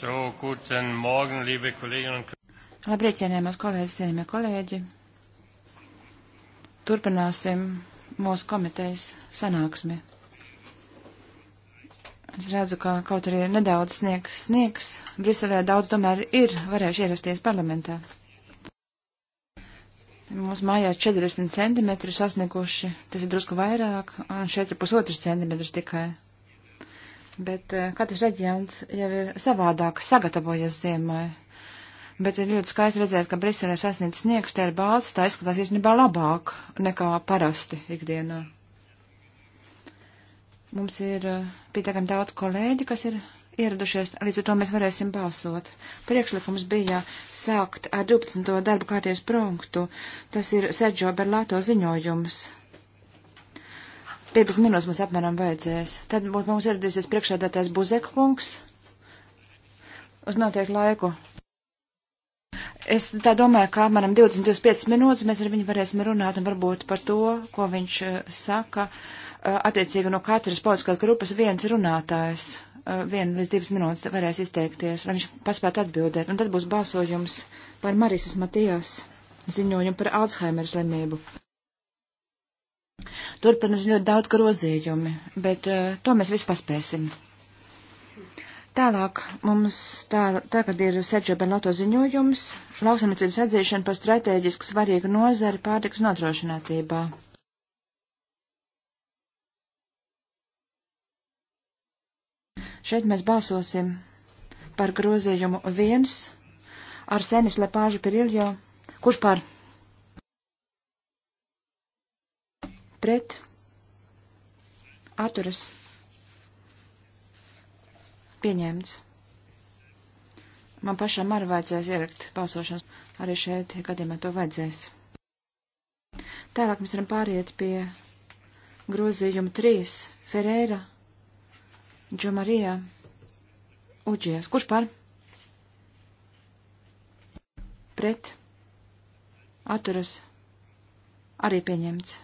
So, guten Morgen, liebe Kolleginnen und Kollegen. Labrīt, cienījamās kolēģis, cienījamie kolēģi. Turpināsim mūsu komitejas sanāksmi. Es redzu, ka kaut arī nedaudz sniegs sniegs, Briselē daudz tomēr ir varējuši ierasties parlamentā. Mums mājā 40 centimetri sasnieguši, tas ir drusku vairāk, un šeit ir pusotrs centimetrs tikai bet eh, katrs reģions jau ir savādāk sagatavojies ziemai. Bet ir ļoti skaisti redzēt, ka Briselē sasniedz sniegs, tā ir balsts, tā izskatās īstenībā labāk nekā parasti ikdienā. Mums ir eh, pietiekami daudz kolēģi, kas ir ieradušies, līdz ar to mēs varēsim balsot. Priekšlikums bija sākt ar 12. darba kārties pronktu, tas ir Sergio Berlato ziņojums 15 minūtes mums apmēram vajadzēs. Tad mums ieradīsies priekšādātājs Buzekkungs uz noteiktu laiku. Es tā domāju, ka apmēram 20-25 minūtes mēs ar viņu varēsim runāt un varbūt par to, ko viņš eh, saka. Eh, attiecīgi no katras politiskās grupas viens runātājs, eh, viena līdz divas minūtes varēs izteikties, lai viņš paspētu atbildēt. Un tad būs balsojums par Marisas Matijas ziņojumu par Alzheimer slimību. Turpinās ļoti daudz grozījumi, bet uh, to mēs vispār spēsim. Tālāk mums tā, tagad ir Sergio Benoto ziņojums - lauksamniecības atzīšana par strateģisku svarīgu nozari pārtiks nodrošinātībā. Šeit mēs balsosim par grozījumu viens ar Senis Lepāžu Piriljo. Kurš par? pret atturas pieņemts. Man pašam arī vajadzēs ielikt balsošanas, arī šeit gadījumā to vajadzēs. Tālāk mēs varam pāriet pie grozījuma 3. Ferēra, Džomarija, Uģies. Kurš par? Pret. Atturas. Arī pieņemts.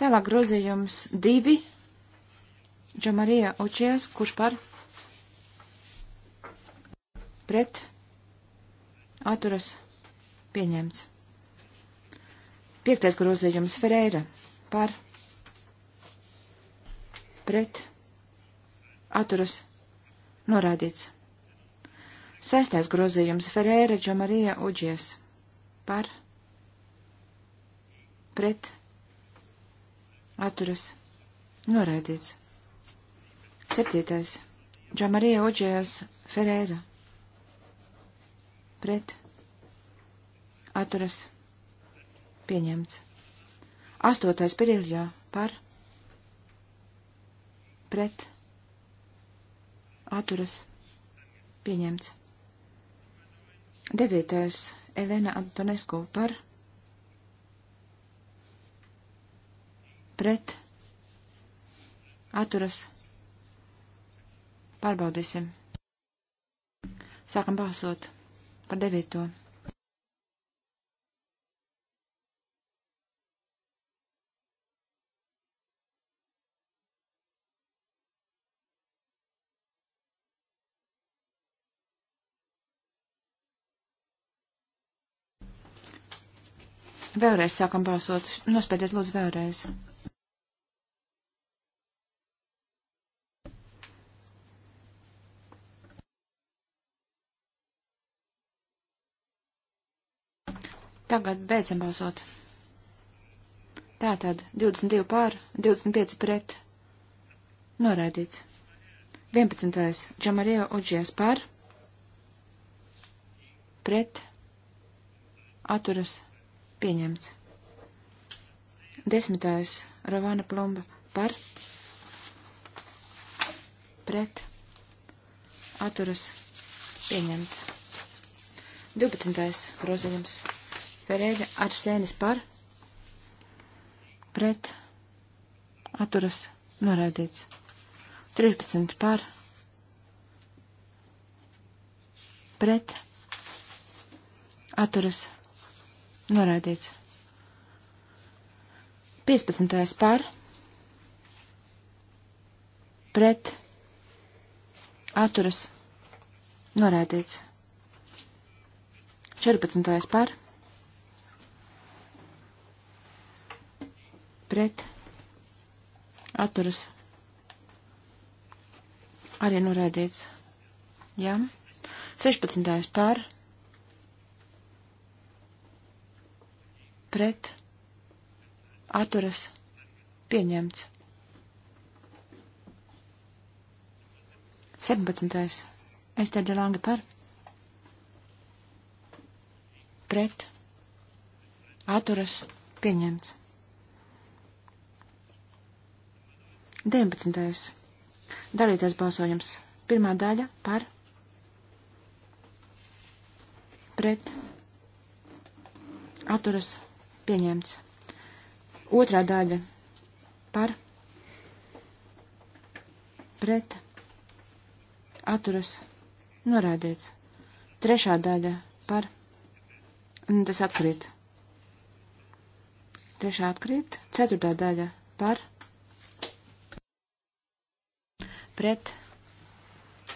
Tālāk grozījums divi. Džamarija Očies, kurš par pret atturas pieņemts. Piektais grozījums Ferreira par pret atturas norādīts. Sestais grozījums Ferreira Džamarija Očies par pret atturas noraidīts. Septītais. Džamarija Oģējas Ferēra pret atturas pieņemts. Astotais Piriljā par pret atturas pieņemts. Devītais Elena Antonesku par pret pret atturas pārbaudīsim. Sākam balsot par devīto. Vēlreiz sākam balsot. Nospēdiet lūdzu vēlreiz. Tagad beidzam balsot. Tātad 22 pār, 25 pret. Noraidīts. 11. Džamarija Uģies pār. Pret. Aturas. Pieņemts. 10. Ravana Plumba par. Pret. Aturas. Pieņemts. 12. Grozījums. Pereira ar sēnes par pret atturas noraidīts. 13 par pret atturas noraidīts. 15. par pret atturas noraidīts. 14. par pret pret atturas arī norādīts. Jā. 16. pār pret atturas pieņemts. 17. Es te delanga par pret atturas pieņemts. 19. Dalīties balsojums. Pirmā daļa par pret atturas pieņemts. Otrā daļa par pret atturas norādīts. Trešā daļa par tas atkrīt. Trešā atkrīt. Ceturtā daļa par pret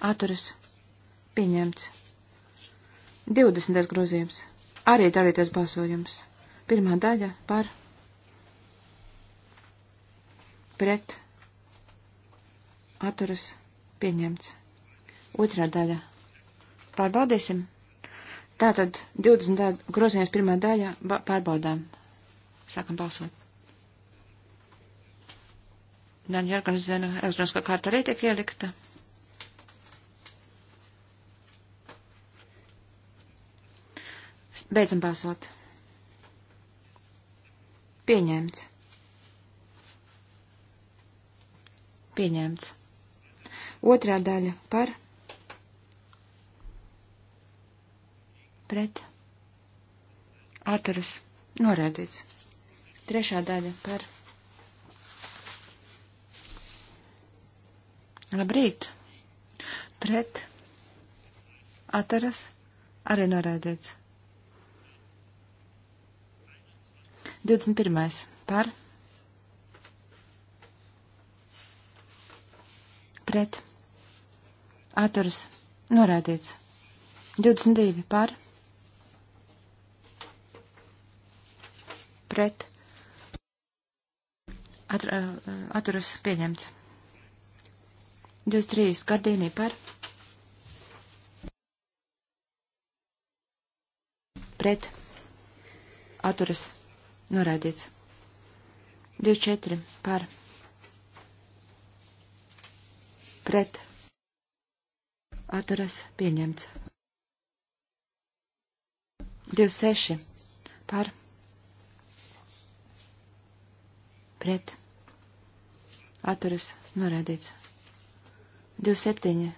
atturas pieņemts. 20. grozījums. Arī dalīties balsojums. Pirmā daļa par pret atturas pieņemts. Otrā daļa. Pārbaudīsim. Tātad 20. grozījums pirmā daļa pārbaudām. Sākam balsot. Dan Jorgensena elektroniskā kārta arī tiek ielikta. Beidzam balsot. Pieņemts. Pieņemts. Otrā daļa par. Pret. Atturas. Norēdīts. Trešā daļa par. Labrīt! Pret atturas arī norēdīts. 21. par pret atturas norēdīts. 22 par pret uh, atturas pieņemts. 23 gardīnī par pret atturas noraidīts. 24 par pret atturas pieņemts. 26 par pret atturas noraidīts. 27.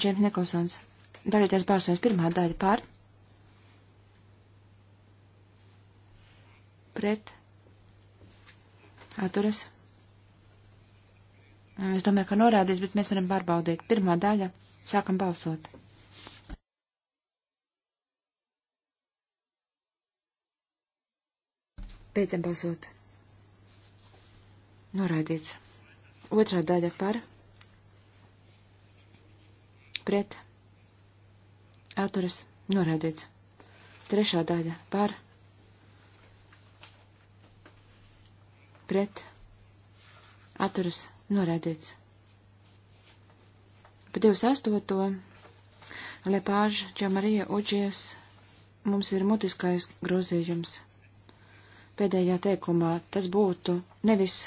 Džeims Nikolsons. Darīties balsojums pirmā daļa par. Pret. Atturas. Nu, es domāju, ka norādīs, bet mēs varam pārbaudīt. Pirmā daļa. Sākam balsot. Beidzam balsot. Noraidīts. Otrā daļa par pret atturas norādīts. Trešā daļa par pret atturas norādīts. Pa 28. Lepāža Čamarija Uģies mums ir mutiskais grozījums. Pēdējā teikumā tas būtu nevis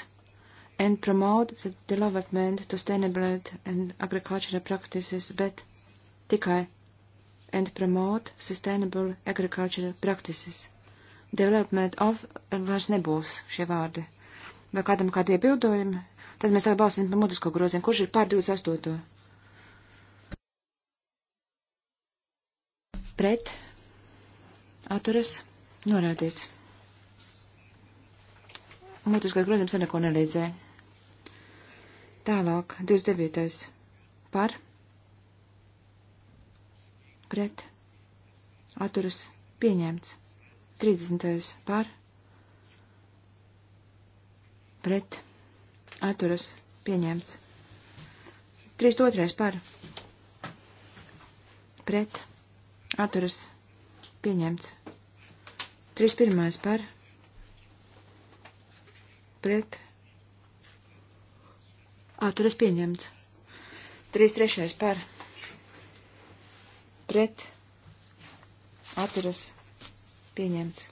and promote the development to sustainable and agricultural practices, bet tikai and promote sustainable agricultural practices. Development of vairs nebūs šie vārdi. Vai kādam kādi iebildojumi? Tad mēs tagad balsam par mutisko grozienu. Kurš ir pār 28? Pret. Atturas. Norādīts. Mutiskais grozījums neko nelīdzēja. Tālāk, 29. par, pret, atturas, pieņemts. 30. par, pret, atturas, pieņemts. 32. par, pret, atturas, pieņemts. 31. par, pret, Atturas pieņemts. 3 trešais par. Pret. Atturas pieņemts.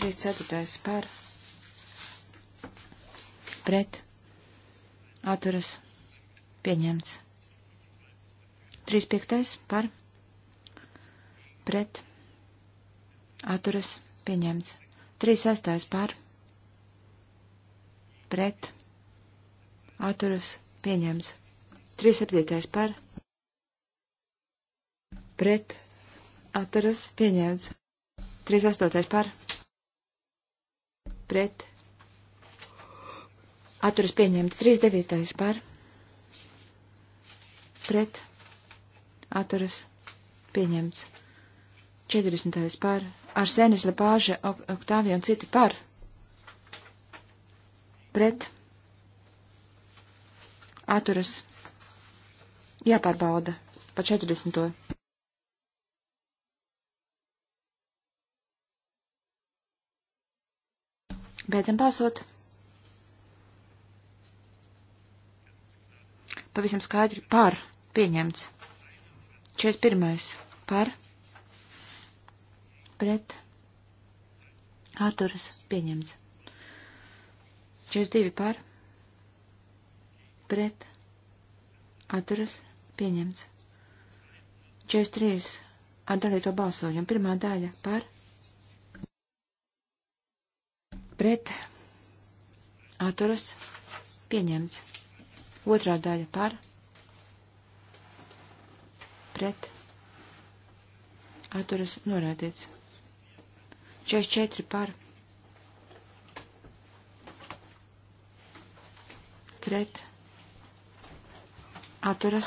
3 ceturtais par. Pret. Atturas pieņemts. 3 piektais par. Pret. Atturas pieņemts. 3 sestais par. Pret atturas pieņems. 37. par pret atturas pieņems. 38. par pret atturas pieņemts. 39. par pret atturas pieņemts. 40. par ar senis lepāža oktāviju un citi par pret atturas pieņemts atturas jāpārbauda pa 40. Beidzam balsot. Pavisam skaidri par pieņemts. 41. par pret atturas pieņemts. 42 par pret pret atturas pieņemts. 43 ar dalīto balsojumu. Pirmā daļa par pret atturas pieņemts. Otrā daļa par pret atturas norādīts. 44 par pret atturas.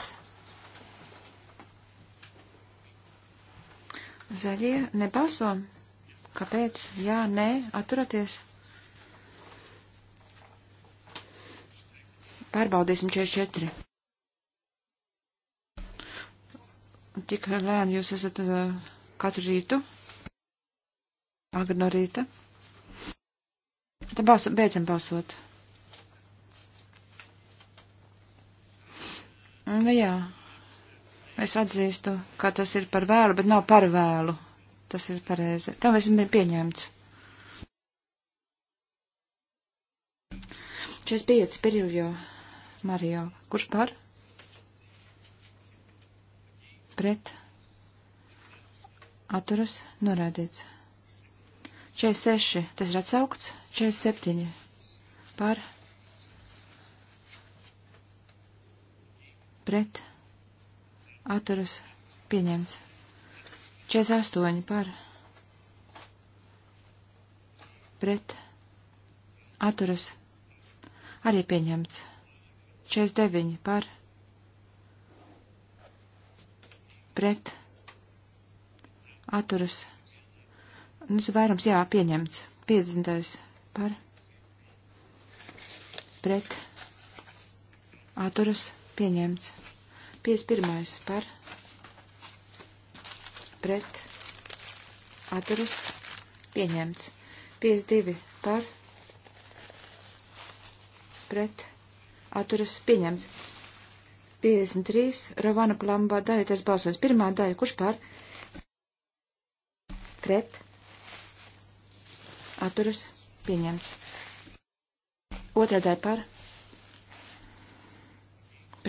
Zaļie nebalso. Kāpēc? Jā, nē, atturaties. Pārbaudīsim 44. Tik lēni jūs esat uh, katru rītu, agri no rīta. Tad balso, beidzam balsot. Nu jā, es atzīstu, ka tas ir par vēlu, bet nav par vēlu. Tas ir pareizi. Tam visam bija pieņemts. 45 Piriljo Mario. Kurš par? Pret. Atturas norādīts. 46. Tas ir atsaukts. 47. Par. pret, atturas, pieņemts. 48 par, pret, atturas, arī pieņemts. 49 par, pret, atturas, nu, vairums, jā, pieņemts. 50 par, pret, atturas, Pieņemts. 51. par pret atturas pieņemts. 52 par pret atturas pieņemts. 53 Ravana Plambā daļa, tas balsojums pirmā daļa, kurš par pret atturas pieņemts. Otrā daļa par pret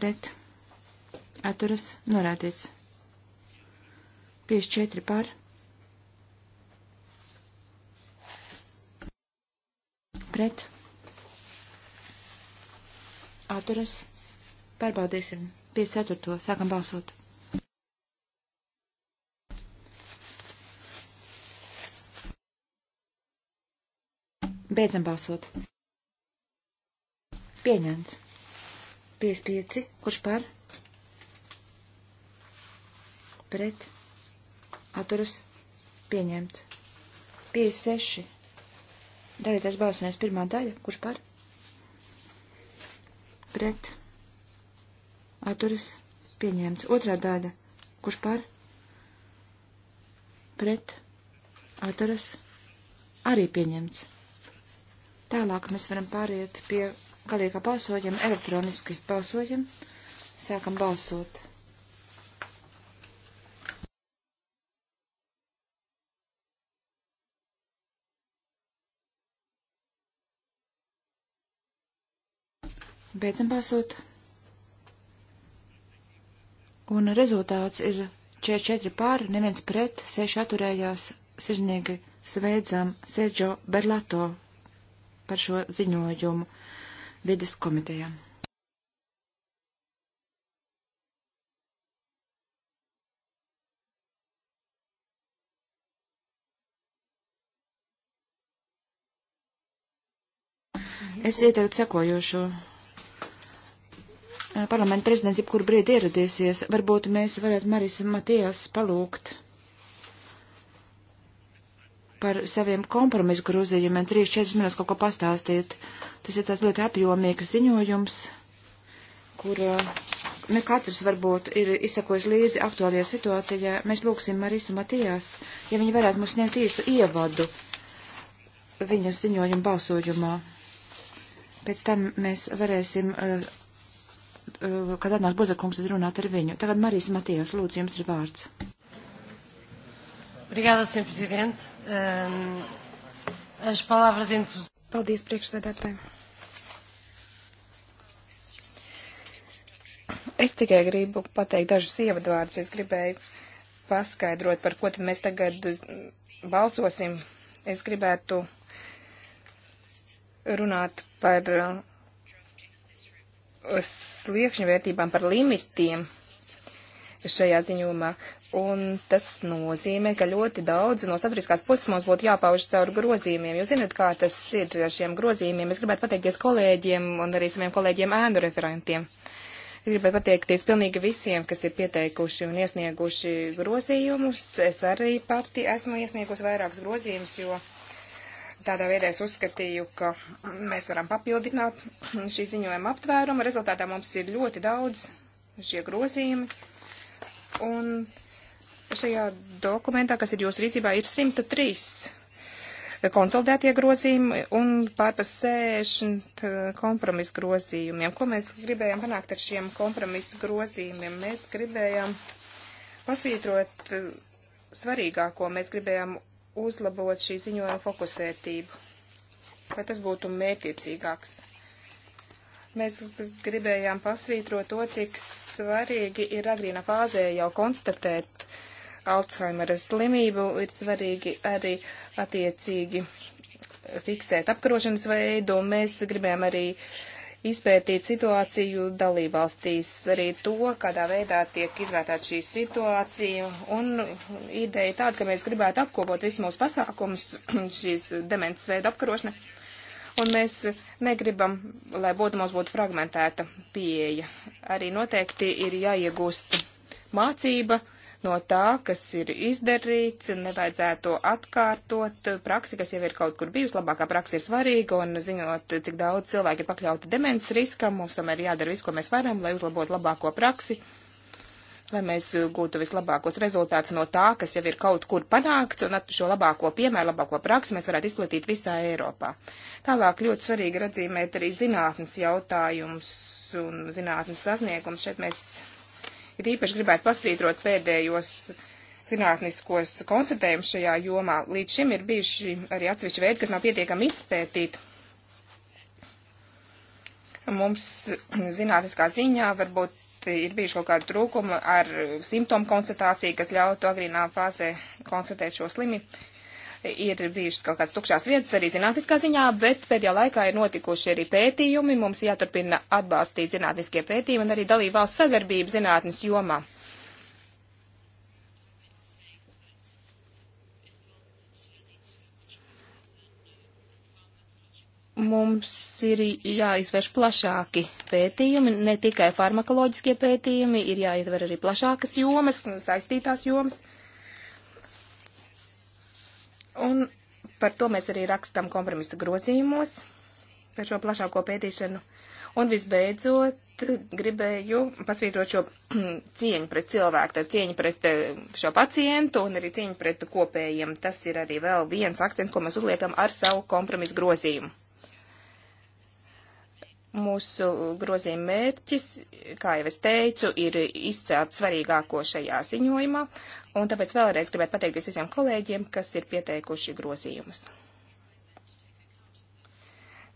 pret atturas norādīts. 54 par pret atturas pārbaudīsim. 54. sākam balsot. Beidzam balsot. Pieņemt. 55, kurš par pret atturas pieņemts. 56, darītais balsojums pirmā daļa, kurš par pret atturas pieņemts. Otrā daļa, kurš par pret atturas arī pieņemts. Tālāk mēs varam pāriet pie galīgā balsojuma elektroniski balsojam. Sākam balsot. Beidzam balsot. Un rezultāts ir 44 pār, neviens pret, 6 atturējās, sirdnieki sveidzam Sergio Berlato par šo ziņojumu vides komitejā. Es ieteiktu sekojošo. Parlamenta prezidents jebkur brīdi ieradīsies. Varbūt mēs varētu Marisa Matijas palūgt par saviem kompromisu grozījumiem 3-4 minūtes kaut ko pastāstīt. Tas ir tāds ļoti apjomīgs ziņojums, kur uh, ne katrs varbūt ir izsakojis līdzi aktuālajā situācijā. Mēs lūgsim Marisu Matijās, ja viņi varētu mums sniegt īsu ievadu viņas ziņojuma balsojumā. Pēc tam mēs varēsim, uh, uh, kad atnāks Bozakungs, runāt ar viņu. Tagad Marijas Matijās, lūdzu, jums ir vārds. Obrigada, Sr. Presidente. Um, as palavras introdutórias. Paldies, priekšsēdētāji. Es tikai gribu pateikt dažus ievadvārdus. Es gribēju paskaidrot, par ko tad mēs tagad balsosim. Es gribētu runāt par sliekšņu vērtībām, par limitiem šajā ziņumā. Un tas nozīmē, ka ļoti daudz no sabiedriskās puses mums būtu jāpauž caur grozījumiem. Jūs zināt, kā tas ir ar šiem grozījumiem. Es gribētu pateikties kolēģiem un arī saviem kolēģiem ēnu referentiem. Es gribēju pateikties pilnīgi visiem, kas ir pieteikuši un iesnieguši grozījumus. Es arī pati esmu iesniegusi vairākus grozījumus, jo tādā veidā es uzskatīju, ka mēs varam papildināt šī ziņojuma aptvērumu. Rezultātā mums ir ļoti daudz šie grozījumi. Un šajā dokumentā, kas ir jūsu rīcībā, ir 103 konsolidētie grozījumi un pārpas 60 eh, kompromisu grozījumiem. Ko mēs gribējām panākt ar šiem kompromisu grozījumiem? Mēs gribējām pasvītrot eh, svarīgāko, mēs gribējām uzlabot šī ziņojuma fokusētību, lai tas būtu mērķiecīgāks. Mēs gribējām pasvītrot to, cik svarīgi ir agrīna fāzē jau konstatēt Alzheimera slimību, ir svarīgi arī attiecīgi fiksēt apkarošanas veidu, un mēs gribējām arī izpētīt situāciju dalībvalstīs, arī to, kādā veidā tiek izvērtēta šī situācija, un ideja tāda, ka mēs gribētu apkopot visus mūsu pasākumus šīs demences veidu apkarošanai un mēs negribam, lai būtu mums būtu fragmentēta pieeja. Arī noteikti ir jāiegūst mācība no tā, kas ir izdarīts, nevajadzētu to atkārtot. Praksi, kas jau ir kaut kur bijusi, labākā praksa ir svarīga, un zinot, cik daudz cilvēki ir pakļauti demences riskam, mums tomēr jādara viss, ko mēs varam, lai uzlabotu labāko praksi lai mēs eh, gūtu vislabākos rezultātus no tā, kas jau ir kaut kur panākts, un šo labāko piemēru, labāko praksi mēs varētu izplatīt visā Eiropā. Tālāk ļoti svarīgi ir atzīmēt arī zinātnes jautājums un zinātnes sasniegums. Šeit mēs ir īpaši gribētu pasvītrot pēdējos zinātniskos konstatējumus šajā jomā. Līdz šim ir bijuši arī atsevišķi veidi, kas nav pietiekami izpētīti. Mums zinātniskā ziņā varbūt ir bijuši kaut kādi trūkumi ar simptomu konstatāciju, kas ļautu agrīnā fāzē konstatēt šo slimi. Ir bijušas kaut kādas tukšās vietas arī zinātniskā ziņā, bet pēdējā laikā ir notikuši arī pētījumi. Mums jāturpina atbalstīt zinātniskie pētījumi un arī dalībvalsts sadarbība zinātnes jomā. mums ir jāizvērš plašāki pētījumi, ne tikai farmakoloģiskie pētījumi, ir jāietver arī plašākas jomas, saistītās jomas. Un par to mēs arī rakstam kompromisa grozījumos, par šo plašāko pētīšanu. Un visbeidzot, gribēju pasvītrot šo cieņu pret cilvēku, tad cieņu pret eh, šo pacientu un arī cieņu pret kopējiem. Tas ir arī vēl viens akcents, ko mēs uzliekam ar savu kompromisu grozījumu. Mūsu grozījuma mērķis, kā jau es teicu, ir izcelt svarīgāko šajā ziņojumā, un tāpēc vēlreiz gribētu pateikties visiem kolēģiem, kas ir pieteikuši grozījumus.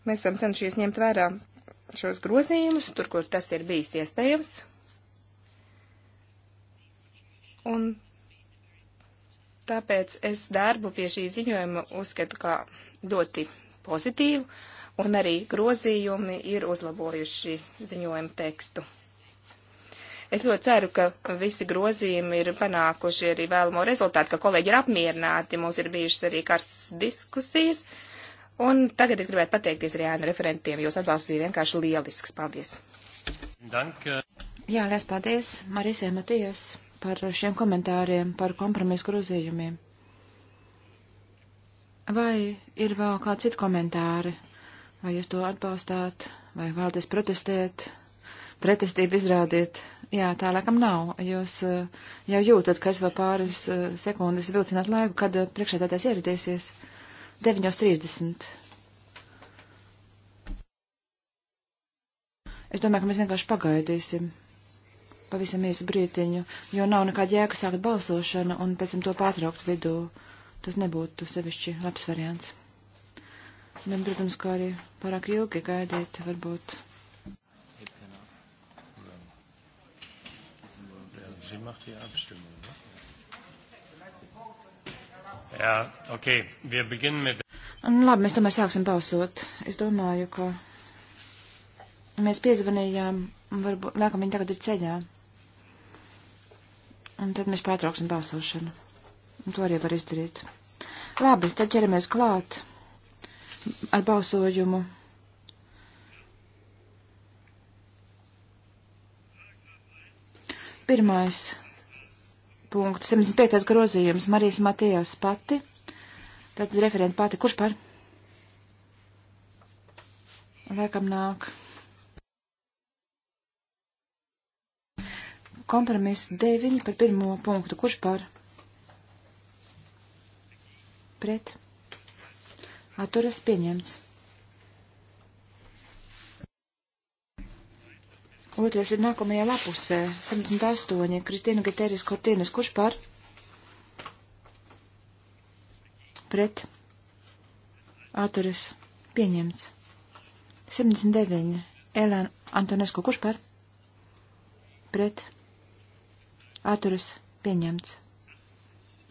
Mēs esam cenšies ņemt vērā šos grozījumus, tur, kur tas ir bijis iespējams. Un tāpēc es darbu pie šī ziņojuma uzskatu kā ļoti pozitīvu, un arī grozījumi ir uzlabojuši ziņojumu tekstu. Es ļoti ceru, ka visi grozījumi ir panākuši arī vēlamo rezultātu, ka kolēģi ir apmierināti, mums ir bijušas arī karstas diskusijas. Un tagad es gribētu pateikties arī ēnu referentiem, jūs atbalsts bija vienkārši lielisks. Paldies! Danke. Jā, liels paldies Marisē Matijas par šiem komentāriem, par kompromisu grozījumiem. Vai ir vēl kādi citi komentāri Vai jūs to atbalstāt, vai vēlaties protestēt, pretestību izrādīt? Jā, tā laikam nav. Jūs eh, jau jūtat, ka es vēl pāris eh, sekundes vilcināt laiku, kad eh, priekšētātais ieradīsies. 9.30. Es domāju, ka mēs vienkārši pagaidīsim pavisam īsu brītiņu, jo nav nekāda jēga sākt balsošanu un pēc tam to pārtraukt vidū. Tas nebūtu sevišķi labs variants. Bet, protams, kā arī pārāk ilgi gaidīt, varbūt. Sie macht die Abstimmung. Ne? Ja, okay. Wir beginnen mit. Un, labi, mēs tomēr sāksim balsot. Es domāju, ka mēs piezvanījām, varbūt, liekam, viņi tagad ir ceļā. Un tad mēs pārtrauksim balsošanu. Un to arī var izdarīt. Labi, tad ķeramies klāt ar balsojumu. Pirmais punkts, 75. grozījums, Marijas Matijas pati, tad referenta pati, kurš par? Laikam nāk. Kompromiss 9 par pirmo punktu, kurš par? Pret atturas pieņemts. Otrais ir nākamajā lapusē, 78, Kristīna Giteris Kortīnas, kurš par? Pret. Atturas pieņemts. 79, Elēna Antonesko, kurš par? Pret. Atturas pieņemts.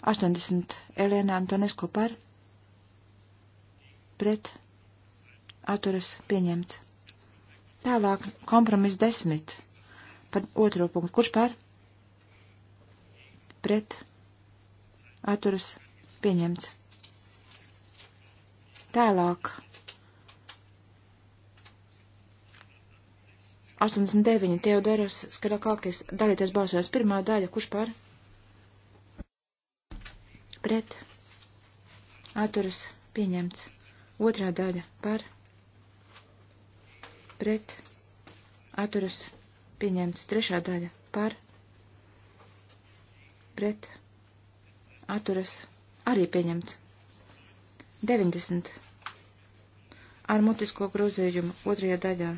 80, Elēna Antonesko par? pret atturas pieņemts. Tālāk kompromiss desmit par otro punktu. Kurš par? Pret atturas pieņemts. Tālāk 89. Teodoras Skarakakis dalīties balsojums pirmā daļa. Kurš par? Pret. Atturas pieņemts. Otrā daļa par pret atturas pieņemts. Trešā daļa par pret atturas arī pieņemts. 90. Ar mutisko grozījumu otrajā daļā.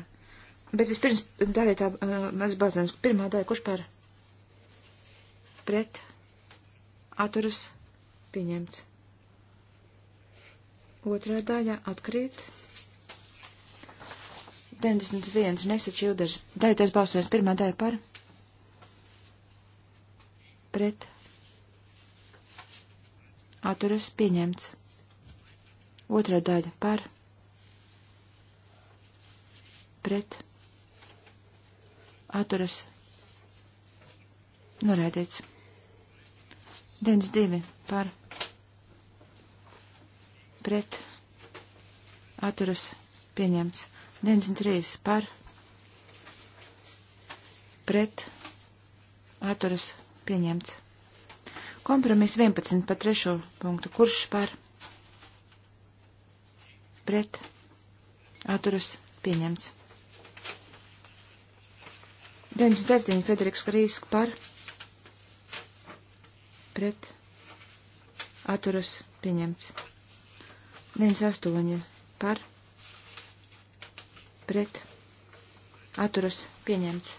Bet vispirms daļai tā uh, mēs balsojam. Pirmā daļa, kurš par pret atturas pieņemts. Otrā daļa atkrīt. 91. Nesaču Ilders. Daļoties balsojums. Pirmā daļa par. Pret. Atturas pieņemts. Otra daļa par. Pret. Atturas. Norēdīts. 92 par. Pret pret atturas pieņemts. 93 par pret atturas pieņemts. Kompromis 11 par trešo punktu. Kurš par pret atturas pieņemts. 97 Frederiks Krīsk par pret atturas pieņemts. 98 par pret atturas pieņemts.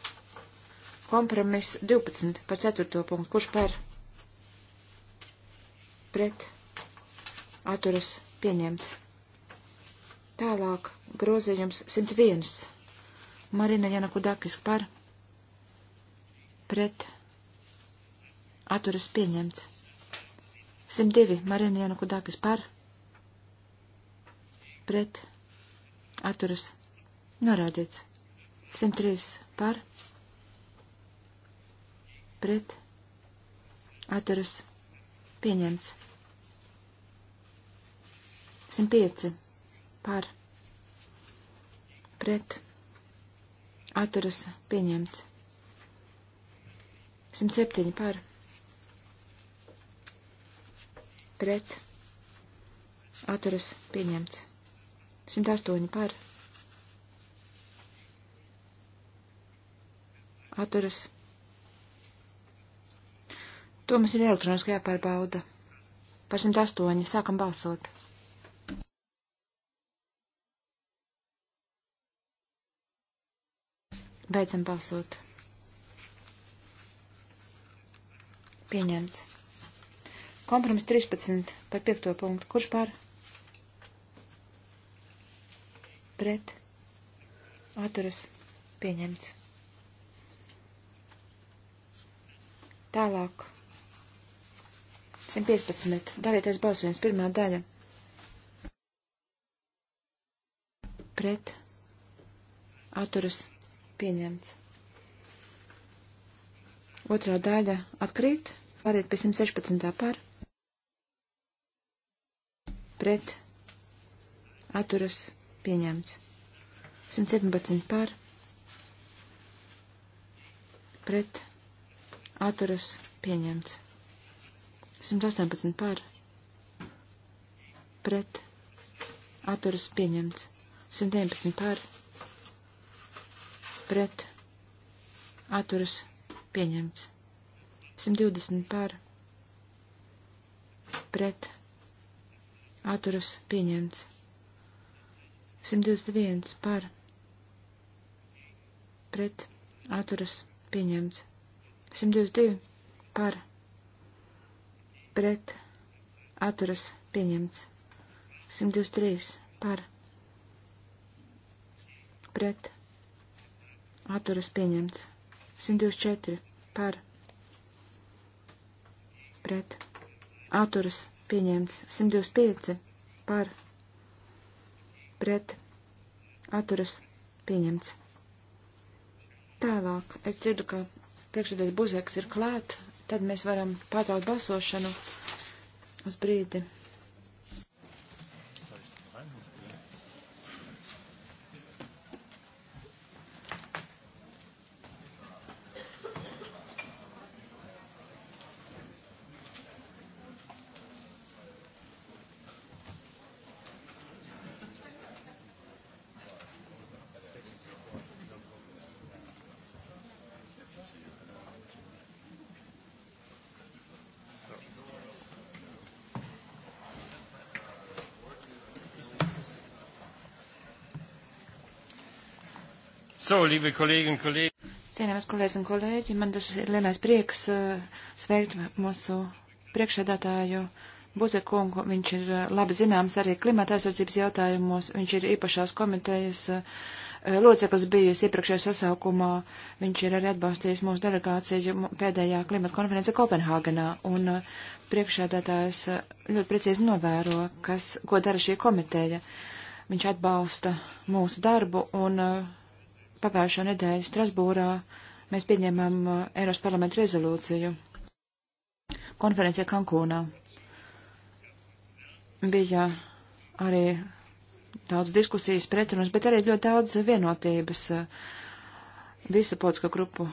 Kompromiss 12 par 4. punktu. Kurš par pret atturas pieņemts? Tālāk grozījums 101. Marina Janakudakis par pret atturas pieņemts. 102. Marina Janakudakis par pret pret atturas norādīts. 103 par pret atturas pieņemts. 105 par pret atturas pieņemts. 107 par pret atturas pieņemts. 108 par. Atturas. To mums ir elektroniski jāpārbauda. Par 108 sākam balsot. Beidzam balsot. Pieņemts. Kompromis 13 par 5. punktu. Kurš par? pret atturas pieņemts. Tālāk. 115. Dalīties balsojums. Pirmā daļa. Pret. Atturas. Pieņemts. Otrā daļa atkrīt. Pāriet pie 116. par. Pret. Atturas pieņemts. 117 par, pret, atturas, pieņemts. 118 par, pret, atturas, pieņemts. 119 par, pret, atturas, pieņemts. 120 par, pret, atturas, pieņemts. 121 par pret atturas pieņemts. 122 par pret atturas pieņemts. 123 par pret atturas pieņemts. 124 par pret atturas pieņemts. 125 par pret pret atturas pieņemts. Tālāk, es dzirdu, ka priekšsēdētājs Buzeks ir klāt, tad mēs varam pārtraukt balsošanu uz brīdi. So, liebe Kolleginnen und Kollegen. Cienījamies kolēģis un kolēģi, man tas ir lielais prieks uh, sveikt mūsu priekšsēdētāju Buzekungu. Viņš ir uh, labi zināms arī klimata aizsardzības jautājumos. Viņš ir īpašās komitejas uh, loceklis bijis iepriekšējā sasaukumā. Viņš ir arī atbalstījis mūsu delegāciju pēdējā klimata konference Kopenhāgenā. Un priekšsēdētājs ļoti precīzi novēro, kas, ko dara šī komiteja. Viņš atbalsta mūsu darbu un uh, pagājušā nedēļa Strasbūrā mēs pieņēmām uh, Eiros parlamentu rezolūciju konferencija Kankūnā. Bija arī daudz diskusijas, pretrunas, bet arī ļoti daudz vienotības uh, visu politisko grupu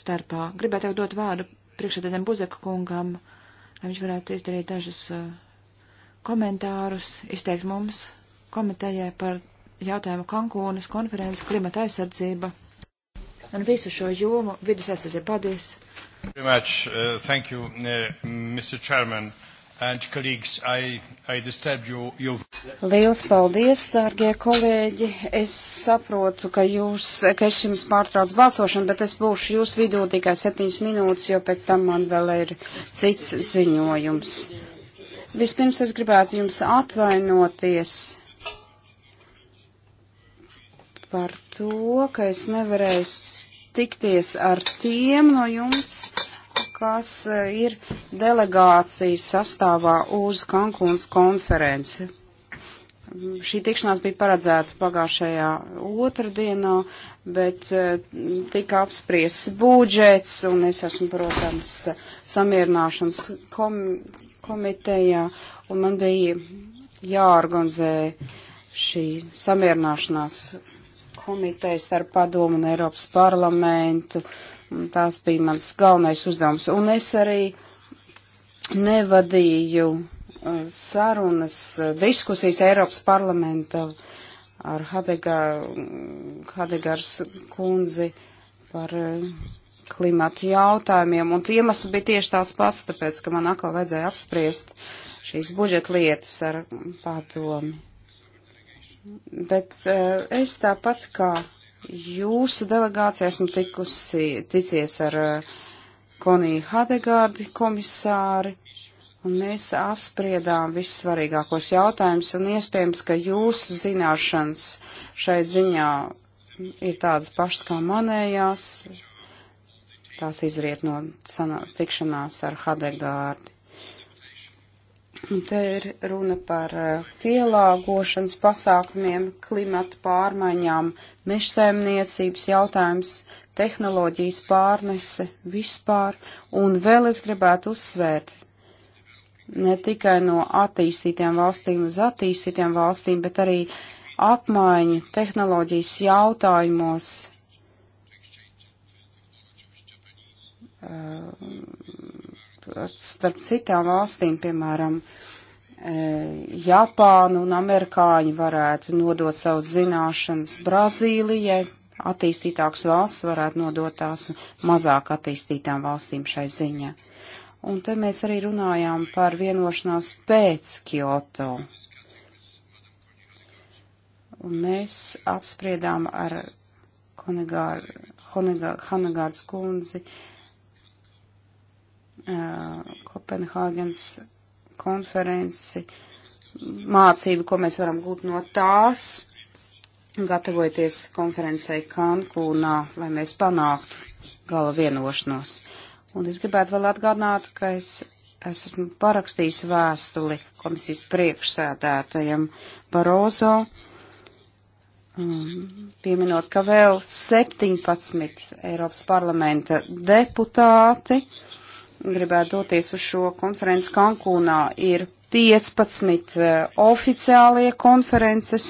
starpā. Gribētu jau dot vārdu priekšsēdētājiem Buzeka kungam, lai viņš varētu izdarīt dažus uh, komentārus, izteikt mums komitejai par jautājumu Kankūnas konferences klimata aizsardzība un visu šo jomu vidas aizsardzība. Paldies! Very much. Uh, thank you, uh, Mr. Chairman. And colleagues, I, I disturbed you, you. Liels paldies, dārgie kolēģi. Es saprotu, ka, jūs, ka es jums pārtraucu balsošanu, bet es būšu jūs vidū tikai septiņas minūtes, jo pēc tam man vēl ir cits ziņojums. Vispirms es gribētu jums atvainoties par to, ka es nevarēju tikties ar tiem no jums, kas eh, ir delegācijas sastāvā uz Kankūnas konferenci. Šī tikšanās bija paredzēta pagājušajā otrdienā, bet eh, tika apspriests būdžets, un es esmu, protams, samierināšanas kom komitejā, un man bija jāorganizē šī samierināšanās komiteja starp padomu un Eiropas parlamentu. Tās bija mans galvenais uzdevums. Un es arī nevadīju uh, sarunas, uh, diskusijas Eiropas parlamenta ar Hadegā, Hadegars kundzi par uh, klimatu jautājumiem, un iemesls bija tieši tās pats, tāpēc, ka man atkal vajadzēja apspriest šīs budžeta lietas ar padomi bet uh, es tāpat kā jūsu delegācija esmu tikusi, ticies ar uh, eh, Koniju Hadegārdi komisāri, un mēs apspriedām vissvarīgākos jautājumus, un iespējams, ka jūsu zināšanas šai ziņā ir tādas pašas kā manējās, tās izriet no tikšanās ar Hadegārdi. Te ir runa par eh, pielāgošanas pasākumiem, klimatu pārmaiņām, mežsēmniecības jautājums, tehnoloģijas pārnese vispār, un vēl es gribētu uzsvērt ne tikai no attīstītiem valstīm uz attīstītiem valstīm, bet arī apmaiņa tehnoloģijas jautājumos. Uh, starp citām valstīm, piemēram, e, Japānu un amerikāņi varētu nodot savus zināšanas Brazīlijai, attīstītāks valsts varētu nodot tās mazāk attīstītām valstīm šai ziņā. Un te mēs arī runājām par vienošanās pēc Kyoto. Un mēs apspriedām ar Honegārdas kundzi uh, Uh, Kopenhāgens konferenci, mācību, ko mēs varam gūt no tās, gatavojoties konferencei Kankūnā, lai mēs panāktu gala vienošanos. Un es gribētu vēl atgādināt, ka es esmu parakstījis vēstuli komisijas priekšsēdētajam Barozo, um, pieminot, ka vēl 17 Eiropas parlamenta deputāti uh, gribētu doties uz šo konferenci Kankūnā. Ir 15 uh, eh, oficiālie konferences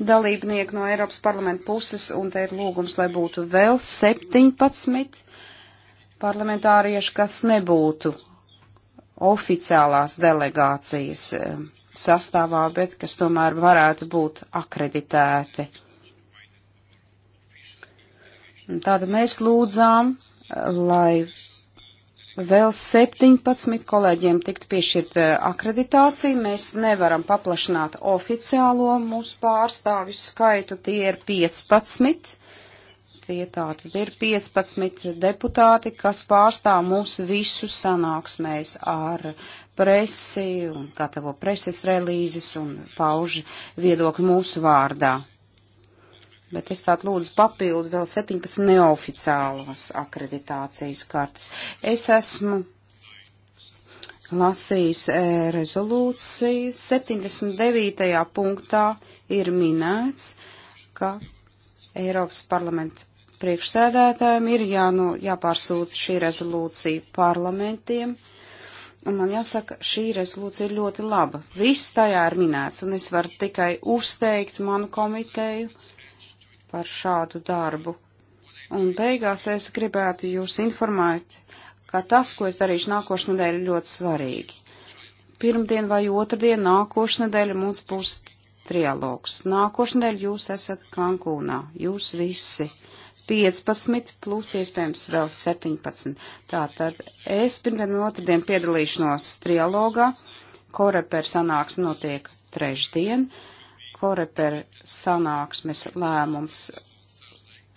dalībnieki no Eiropas parlamenta puses, un te ir lūgums, lai būtu vēl 17 parlamentārieši, kas nebūtu oficiālās delegācijas uh, sastāvā, bet kas tomēr varētu būt akreditēti. Tātad mēs lūdzām, eh, lai vēl 17 kolēģiem tiktu piešķirta eh, akreditācija. Mēs nevaram paplašināt oficiālo mūsu pārstāvju skaitu, tie ir 15. Tie tātad ir 15 deputāti, kas pārstāv mūsu visu sanāksmēs ar presi un gatavo preses relīzes un pauži viedokļu mūsu vārdā bet es tādu lūdzu papildu vēl 17 neoficiālās akreditācijas kartas. Es esmu lasījis e, rezolūciju. 79. punktā ir minēts, ka Eiropas parlamenta priekšsēdētājiem ir jānu, jāpārsūta šī rezolūcija parlamentiem. Un man jāsaka, šī rezolūcija ir ļoti laba. Viss tajā ir minēts, un es varu tikai uzteikt manu komiteju, uh, par šādu darbu. Un beigās es gribētu jūs informēt, ka tas, ko es darīšu nākošais nedēļa, ir ļoti svarīgi. Pirmdien vai otrdien nākošais nedēļa mums būs trialogs. Nākošais nedēļa jūs esat Kankūnā, jūs visi. 15 plus iespējams vēl 17. Tātad es pirmdien un otrdien piedalīšanos trialogā, korepēr sanāks notiek trešdien. Uh, koreper sanāksmes lēmums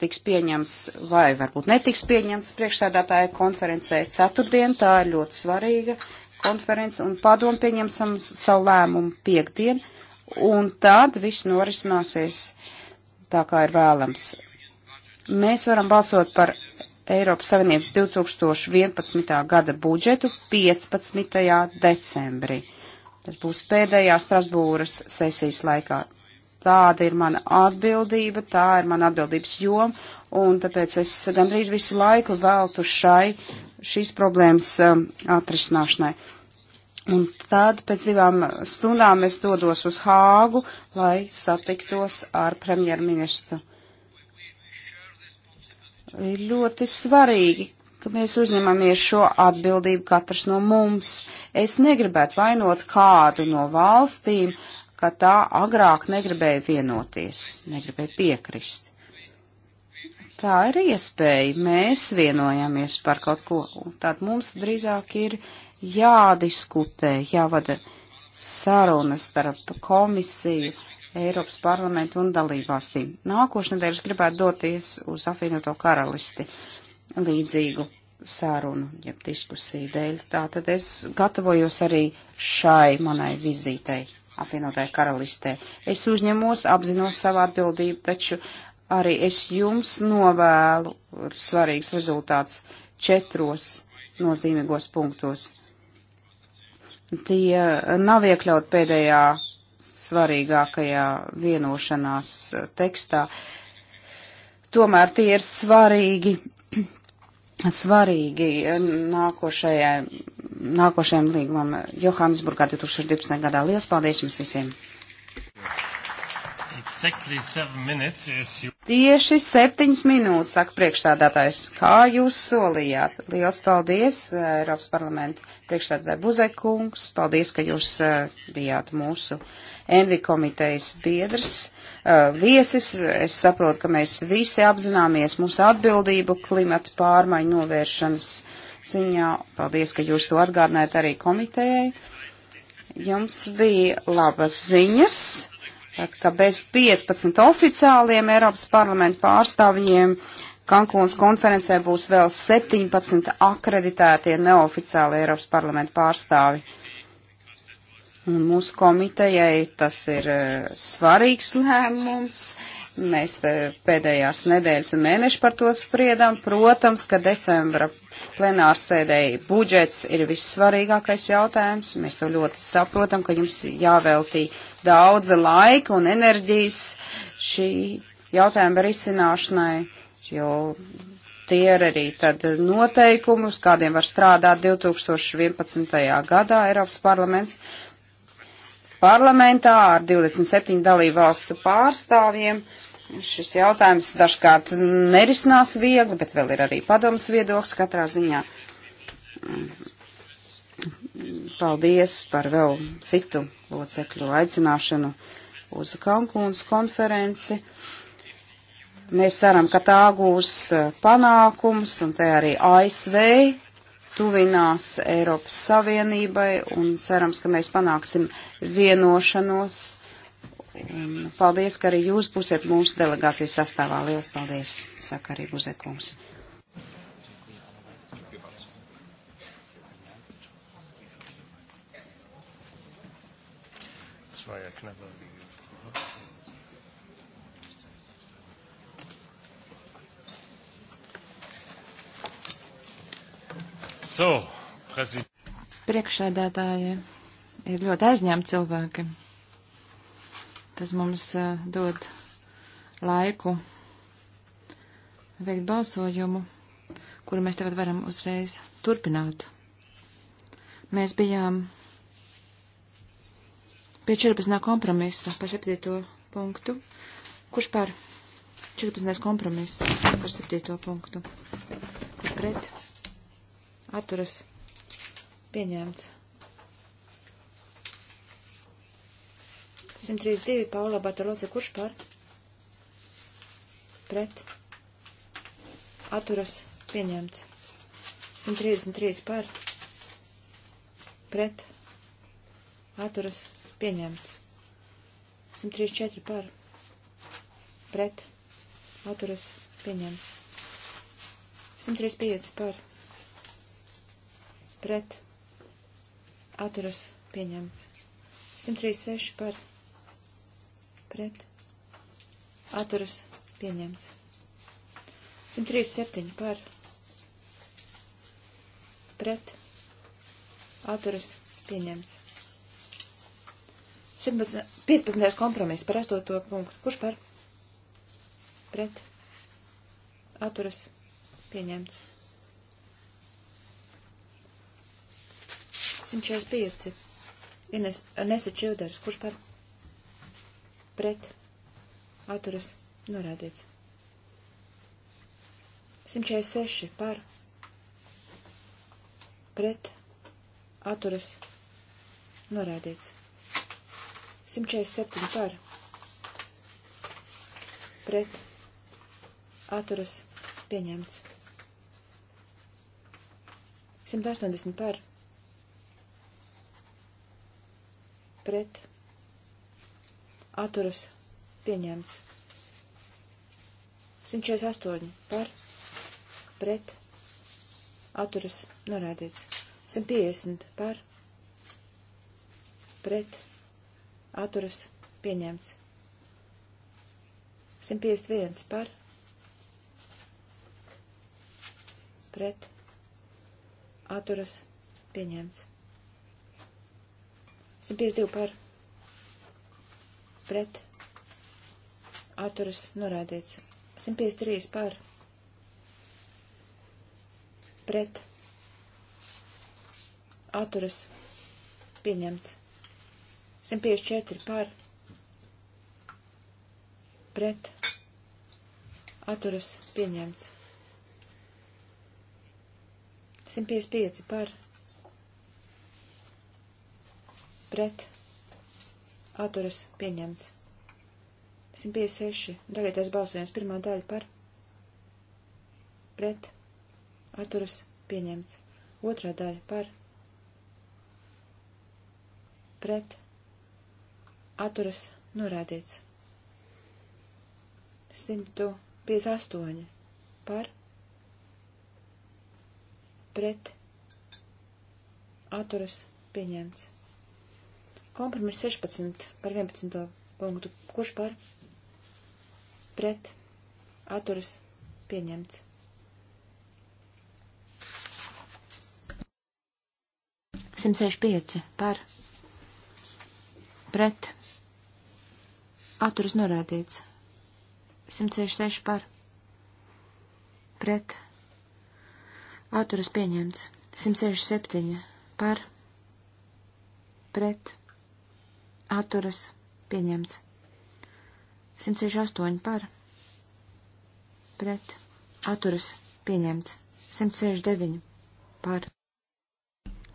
tiks pieņemts vai varbūt netiks pieņemts priekšsēdātāja konferencē ceturtdien, tā ir ļoti svarīga konference, un padomu pieņemsim savu lēmumu piekdien, un tad viss norisināsies tā, kā ir vēlams. Mēs varam balsot par Eiropas Savienības 2011. gada budžetu 15. decembrī. Tas būs pēdējā Strasbūras sesijas laikā. Tāda ir mana atbildība, tā ir mana atbildības joma, un tāpēc es gandrīz visu laiku veltu šai, šīs problēmas um, atrisināšanai. Un tad pēc divām stundām es dodos uz Hāgu, lai satiktos ar premjerministru. Ir ļoti svarīgi, ka mēs uzņemamies šo atbildību katrs no mums. Es negribētu vainot kādu no valstīm, ka tā agrāk negribēja vienoties, negribēja piekrist. Tā ir iespēja, mēs vienojamies par kaut ko, tad mums drīzāk ir jādiskutē, jāvada sarunas starp komisiju, Eiropas parlamentu un dalībvalstīm. Nākošnedēļ es gribētu doties uz apvienoto karalisti. Uh, līdzīgu sārunu, jeb diskusiju dēļ. Tātad es gatavojos arī šai manai vizītei apvienotāju karalistē. Es uzņemos, apzinos savu atbildību, taču arī es jums novēlu svarīgs rezultāts četros nozīmīgos punktos. Tie nav iekļaut pēdējā svarīgākajā vienošanās tekstā. Tomēr tie ir svarīgi svarīgi eh, nākošajai, nākošajam līgumam Johannesburgā 2012. gadā. Lielas paldies jums visiem! Exactly you... Tieši septiņas minūtes, saka priekšstādātājs, kā jūs solījāt. Lielas paldies, eh, Eiropas parlamenta priekšstādātāja Buzekungs, paldies, ka jūs eh, bijāt mūsu Envi komitejas biedrs. Eh, viesis. Es saprotu, ka mēs visi apzināmies mūsu atbildību klimata pārmaiņu novēršanas ziņā. Paldies, ka jūs to atgādinājāt arī komitejai. Jums bija labas ziņas, eh, ka bez 15 oficiāliem Eiropas parlamenta pārstāvjiem Kankūnas konferencē būs vēl 17 akreditētie neoficiāli Eiropas parlamenta pārstāvi. Un mūsu komitejai tas ir e, svarīgs lēmums. Mēs e, pēdējās nedēļas un mēneši par to spriedām. Protams, ka decembra plenārsēdēji budžets ir vissvarīgākais jautājums. Mēs to ļoti saprotam, ka jums jāveltī daudz laika un enerģijas šī jautājuma risināšanai, jo tie ir arī tad noteikumi, uz kādiem var strādāt 2011. gadā Eiropas parlaments parlamentā ar 27 dalību valstu pārstāvjiem. Šis jautājums dažkārt nerisinās viegli, bet vēl ir arī padomas viedoklis katrā ziņā. Paldies par vēl citu locekļu aicināšanu uz Kankūnas konferenci. Mēs ceram, ka tā gūs eh, panākums, un te arī ASV tuvinās Eiropas Savienībai un cerams, ka mēs panāksim vienošanos. Un paldies, ka arī jūs būsiet mūsu delegācijas sastāvā. Lielas paldies, saka arī Buzekungs. So, prezid... Priekšsēdētāji ir ļoti aizņemti cilvēki. Tas mums uh, dod laiku veikt balsojumu, kuru mēs tagad varam uzreiz turpināt. Mēs bijām pie 14. kompromisa par 7. punktu. Kurš par 14. kompromisu par 7. punktu? Kurš pret? atturas pieņemts. 132 Paula Bartolodze, kurš par? Pret. Atturas pieņemts. 133 par. Pret. Atturas pieņemts. 134 par. Pret. Atturas pieņemts. 135 par pret atturas pieņemts. 136 par pret atturas pieņemts. 137 par pret atturas pieņemts. 17, 15. kompromiss par 8. punktu. Kurš par? Pret. Atturas. Pieņemts. 145. Ines, Nesa Čilders, kurš par pret atturas norādīts. 146 par pret atturas norādīts. 147 par pret atturas pieņemts. 180 par pret pret atturas pieņemts. 148 par pret atturas norādīts. 150 par pret atturas pieņemts. 151 par pret atturas pieņemts. 152 par pret atturas norādīts. 153 par pret atturas pieņemts. 154 par pret atturas pieņemts. 155 par pret pret atturas pieņemts. 156. Dalītais balsojums pirmā daļa par pret atturas pieņemts. Otrā daļa par pret atturas norādīts. 158 par pret atturas pieņemts. Kompromiss 16 par 11. punktu. Kurš par? Pret. Atturas. Pieņemts. Simt seši pieci par. Pret. Atturas norādīts. 166 par. Pret. Atturas pieņemts. 167 par. Pret atturas pieņemts. 168 par pret atturas pieņemts. 169 par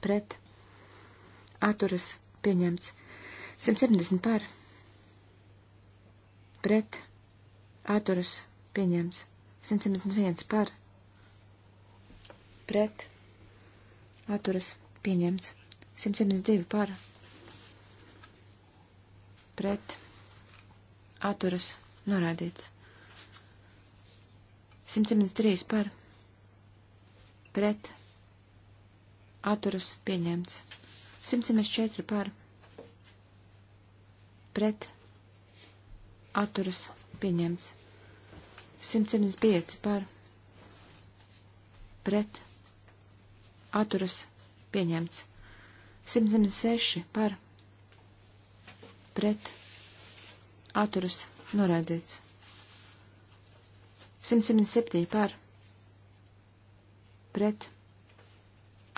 pret atturas pieņemts. 170 par pret atturas pieņemts. 171 par pret atturas pieņemts. 172 par pret pret atturas norādīts. 173 par pret atturas pieņemts. 174 par pret atturas pieņemts. 175 par pret atturas pieņemts. 176 par pret pret atturas norādīts. 177 par pret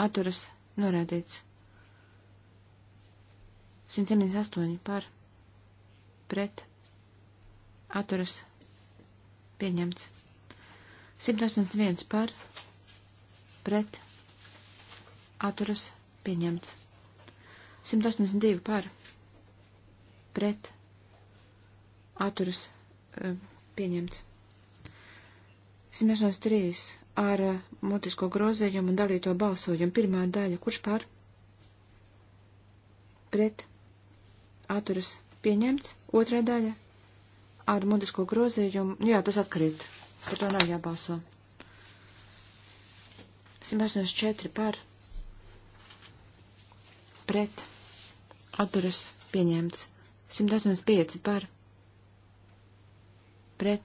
atturas norādīts. 178 par pret atturas pieņemts. 181 par pret atturas pieņemts. 182 par pret pret atturas eh, pieņemts. 183 ar eh, mutisko grozējumu un dalīto balsojumu. Pirmā daļa, kurš par? Pret atturas pieņemts. Otrā daļa ar mutisko grozējumu. Nu jā, tas atkrīt. Par to nav jābalso. 184 par pret atturas pieņemts. 185 par pret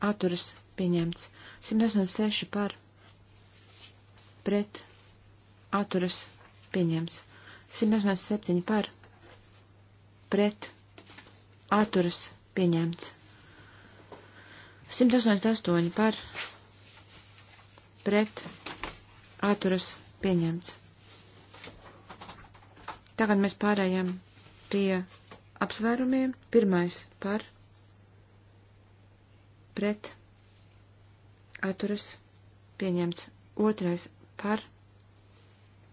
atturas pieņemts. 186 par pret atturas pieņemts. 187 par pret atturas pieņemts. 188 par pret atturas pieņemts. Tagad mēs pārējām pie apsvērumiem. Pirmais par pret atturas pieņemts. Otrais par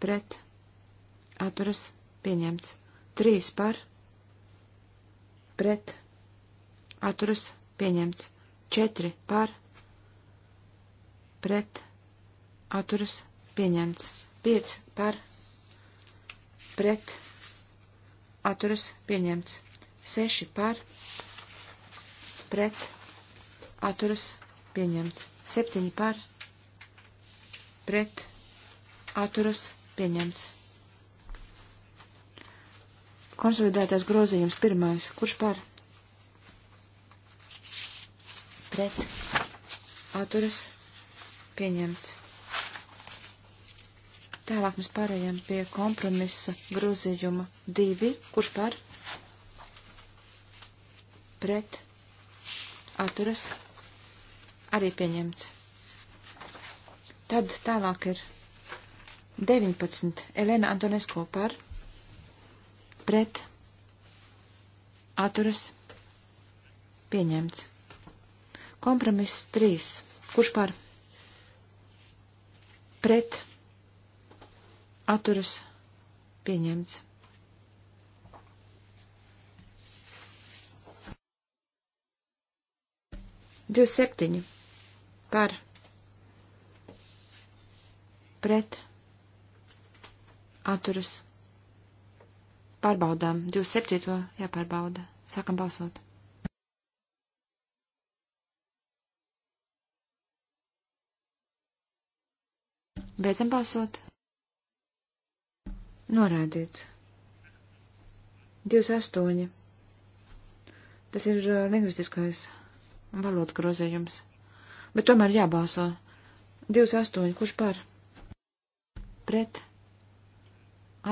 pret atturas pieņemts. Trīs par pret atturas pieņemts. Četri par pret atturas pieņemts. Piec par pret atturas pieņemts atturas pieņemts. 6 par pret atturas pieņemts. 7 par pret atturas pieņemts. Konsolidētais grozījums pirmais. Kurš par? Pret atturas pieņemts. Tālāk mēs pārējām pie kompromisa grozījuma divi, kurš par pret atturas arī pieņemts. Tad tālāk ir 19. Elena Antonesko par pret atturas pieņemts. Kompromiss 3. Kurš par pret atturas pieņemts. Divi septiņi par pret atturas pārbaudām. 27. jāpārbauda. Sākam balsot. Beidzam balsot. Norādīts. 28. Tas ir uh, lingvistiskais valodas grozījums. Bet tomēr jābalso. 28. Kurš par? Pret.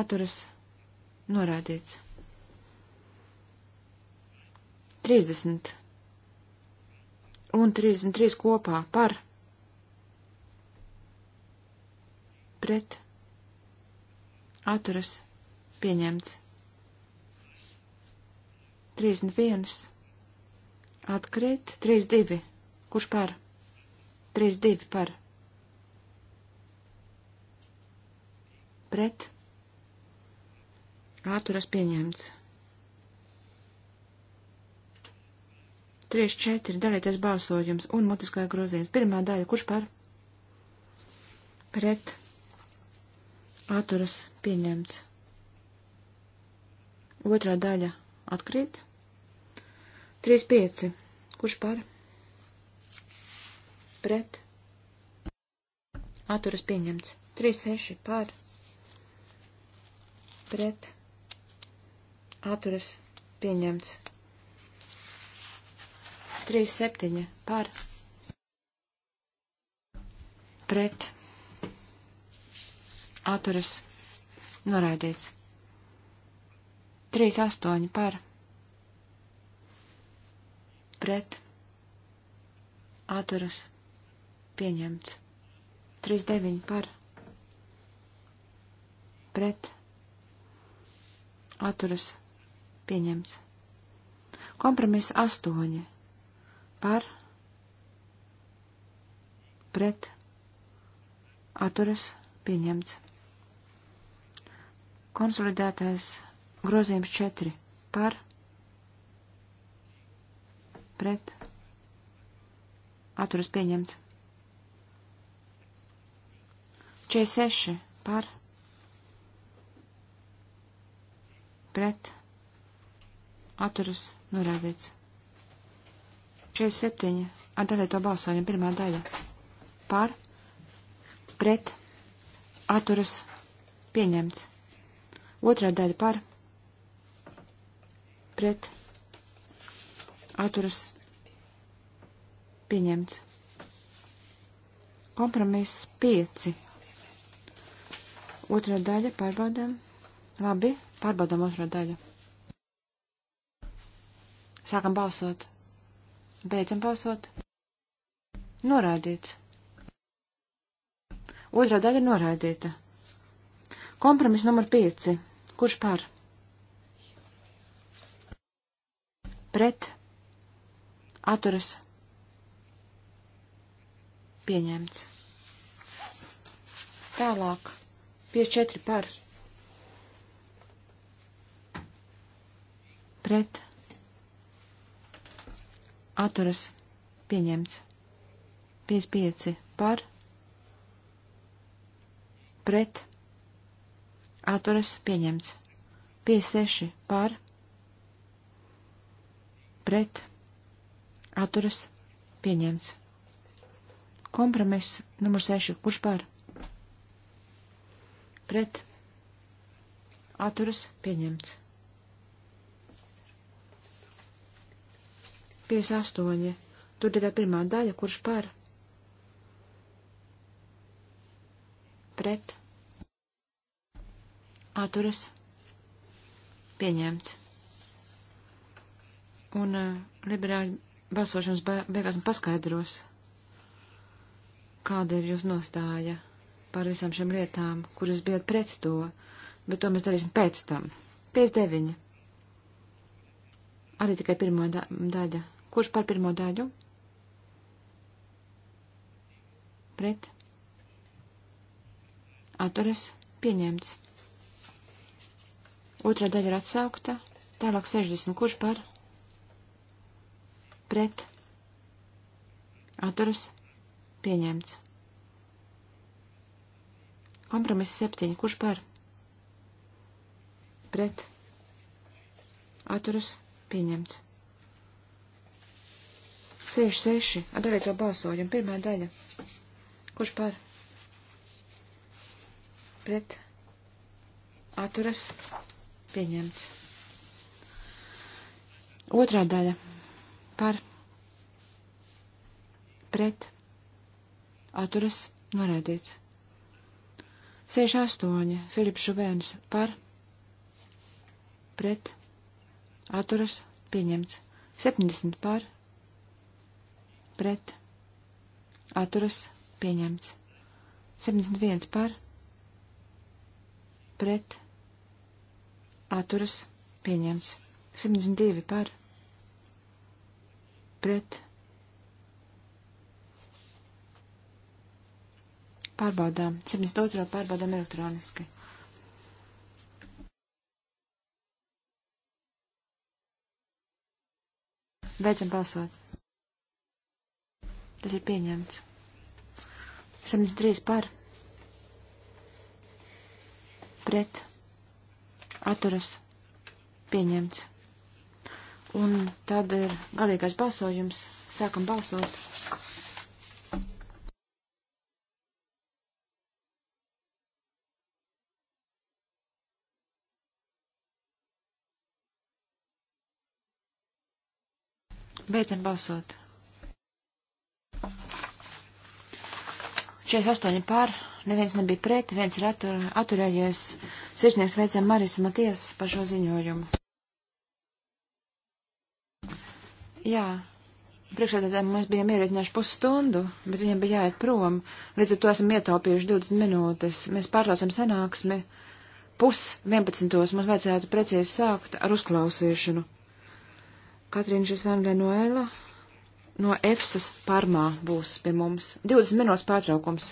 Atturas. Norādīts. 30. Un 33 kopā par. Pret atturas pieņemts. 31. Atkrīt. 32. Kurš par? 32 par. Pret. Atturas pieņemts. 34. Dalīties balsojums un mutiskā grozījums. Pirmā daļa. Kurš par? Pret. Atturas pieņemts Pieņemts. Otrā daļa atkrīt. 3-5. Kurš par? Pret. Atturas pieņemts. 3-6 par. Pret. Atturas pieņemts. 3-7 par. Pret. Atturas Noraidīts. 3, 8 par. Pret. Atturas. Pieņemts. 3, 9 par. Pret. Atturas. Pieņemts. Kompromiss 8 par. Pret. Atturas. Pieņemts. Konsolidētais grozījums 4 par pret atturas pieņemts. 46 par pret atturas norādīts. 47 ar dalīto balsojumu pirmā daļa par pret atturas pieņemts. Otrā daļa par pret atturas pieņemts. Kompromiss 5. Otrā daļa pārbaudām. Labi, pārbaudām otro daļu. Sākam balsot. Beidzam balsot. Norādīts. Otrā daļa ir norādīta. Kompromis numur 5. Kurš par? Pret. Atturas. Pieņemts. Tālāk. 54 par. Pret. Atturas. Pieņemts. 55 par. Pret atturas pieņemts. 56 par, pret, atturas pieņemts. Kompromiss numur 6, kurš par, pret, atturas pieņemts. 58. Tur tikai pirmā daļa, kurš par, pret, atturas pieņemts atturas pieņemts. Un uh, liberāļi balsošanas beigās un paskaidros, kāda ir jūs nostāja par visām šiem lietām, kuras bijat pret to, bet to mēs darīsim pēc tam. 59. Arī tikai pirmo da daļa. Kurš par pirmo daļu? Pret. Atturas pieņemts. Otrā daļa ir atsaukta. Tālāk 60. Kurš par? Pret. Atturas. Pieņemts. Kompromiss 7. Kurš par? Pret. Atturas. Pieņemts. 66. Ar 9. balsojumu. Pirmā daļa. Kurš par? Pret. Atturas. Pieņemts Pieņemts. Otrā daļa par pret atturas norēdīts. 68. Filips Šuvēns par pret atturas pieņemts. 70 par pret atturas pieņemts. 71 par pret atturas pieņemts. 72 par pret pārbaudām. 72 pārbaudām elektroniski. Beidzam balsot. Tas ir pieņemts. 73 par pret atturas pieņemts. Un tad ir galīgais balsojums. Sākam balsot. Beidzam balsot. 48 pār neviens nebija pret, viens ir atur, atturējies. Sirsnieks veicam Maris un Maties par šo ziņojumu. Jā, priekšādātājiem mēs bijām ierēķinājuši pusstundu, bet viņiem bija jāiet prom. Līdz ar to esam ietaupījuši 20 minūtes. Mēs pārtraucam sanāksmi. Pus 11. mums vajadzētu precīzi sākt ar uzklausīšanu. Katrīna Žisvangē no Ela no EFSAS parmā būs pie mums. 20 minūtes pārtraukums.